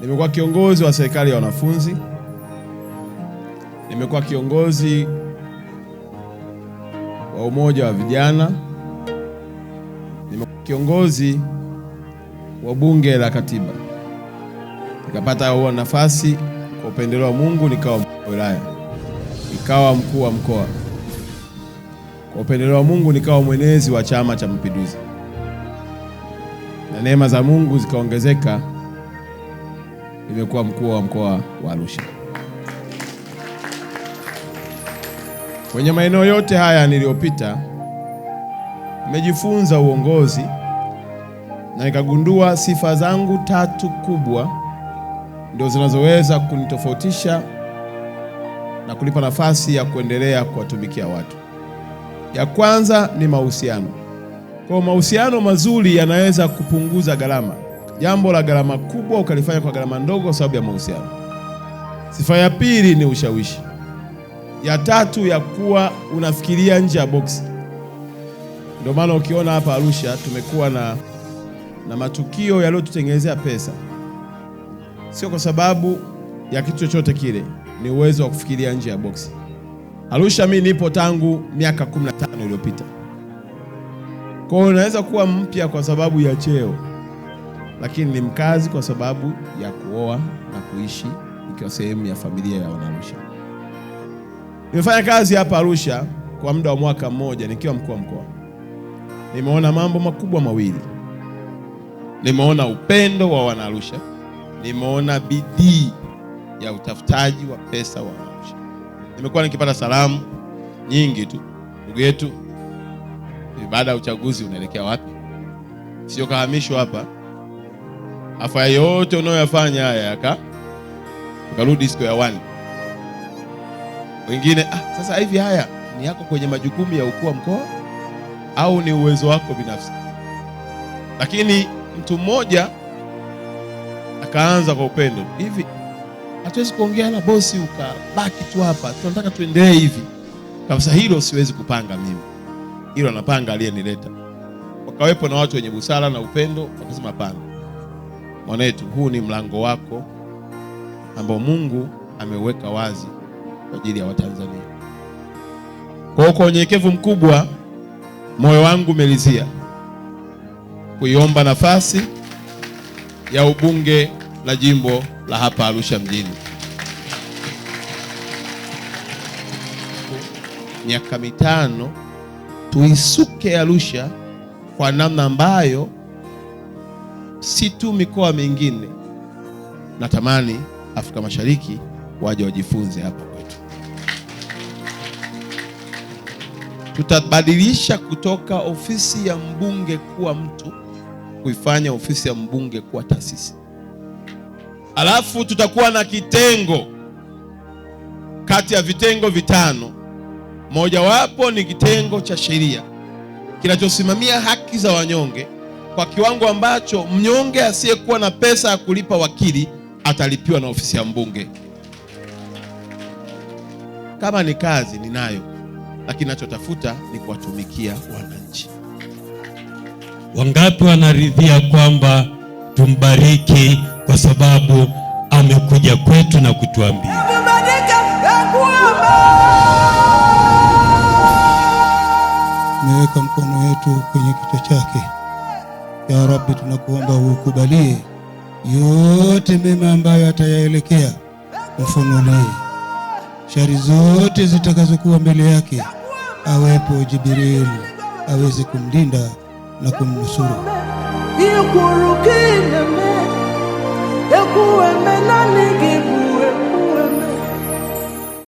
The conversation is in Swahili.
Nimekuwa kiongozi wa serikali ya wanafunzi, nimekuwa kiongozi wa umoja wa vijana, nimekuwa kiongozi wa bunge la katiba, nikapata huo nafasi kwa upendeleo wa Mungu, nikawa mkuu wa wilaya, nikawa mkuu wa mkoa, kwa upendeleo wa Mungu nikawa mwenezi wa Chama cha Mapinduzi, na neema za Mungu zikaongezeka nimekuwa mkuu wa mkoa wa Arusha. Kwenye maeneo yote haya niliyopita, nimejifunza uongozi na nikagundua sifa zangu tatu kubwa ndio zinazoweza kunitofautisha na kunipa nafasi ya kuendelea kuwatumikia watu. Ya kwanza ni mahusiano. Kwa mahusiano mazuri yanaweza kupunguza gharama jambo la gharama kubwa ukalifanya kwa gharama ndogo kwa sababu ya mahusiano. Sifa ya pili ni ushawishi. Ya tatu ya kuwa unafikiria nje ya boksi. Ndio maana ukiona hapa Arusha tumekuwa na, na matukio yaliyotutengenezea pesa, sio kwa sababu ya kitu chochote kile, ni uwezo wa kufikiria nje ya boksi. Arusha mimi nipo tangu miaka 15 iliyopita, kwa hiyo unaweza kuwa mpya kwa sababu ya cheo lakini ni mkazi kwa sababu ya kuoa na kuishi ikiwa sehemu ya familia ya Wanarusha. Nimefanya kazi hapa Arusha kwa muda wa mwaka mmoja nikiwa mkuu wa mkoa. Nimeona mambo makubwa mawili. Nimeona upendo wa Wanarusha, nimeona bidii ya utafutaji wa pesa wa Wanarusha. Nimekuwa nikipata salamu nyingi tu, ndugu yetu, baada ya uchaguzi unaelekea wapi? Sio kahamishwa hapa afaya yote unayoyafanya haya aka ukarudi siku ya wani wengine Ah, sasa hivi haya ni yako kwenye majukumu ya ukuu wa mkoa au ni uwezo wako binafsi? Lakini mtu mmoja akaanza kwa upendo hivi, hatuwezi kuongea na bosi ukabaki tu hapa, tunataka tuendelee hivi kabisa. Hilo siwezi kupanga mimi, hilo anapanga aliyenileta. Wakawepo na watu wenye busara na upendo, wakasema pana Mwanetu, huu ni mlango wako ambao Mungu ameweka wazi kwa ajili ya Watanzania. Kwa hiyo kwa unyenyekevu mkubwa, moyo wangu umelizia kuiomba nafasi ya ubunge la jimbo la hapa Arusha mjini. Miaka mitano tuisuke Arusha kwa namna ambayo si tu mikoa mingine. Natamani Afrika Mashariki waje wajifunze hapa kwetu. Tutabadilisha kutoka ofisi ya mbunge kuwa mtu kuifanya ofisi ya mbunge kuwa taasisi, alafu tutakuwa na kitengo kati ya vitengo vitano, mojawapo ni kitengo cha sheria kinachosimamia haki za wanyonge kwa kiwango ambacho mnyonge asiyekuwa na pesa ya kulipa wakili atalipiwa na ofisi ya mbunge. Kama ni kazi ninayo, lakini nachotafuta ni kuwatumikia wananchi. Wangapi wanaridhia kwamba tumbariki kwa sababu amekuja kwetu na kutuambia. meweka mkono wetu kwenye kichwa chake. Ya Rabbi, tunakuomba uukubalie yote mema ambayo atayaelekea, mfunulie shari zote zitakazokuwa mbele yake, awepo Jibril aweze kumlinda na kumnusuru.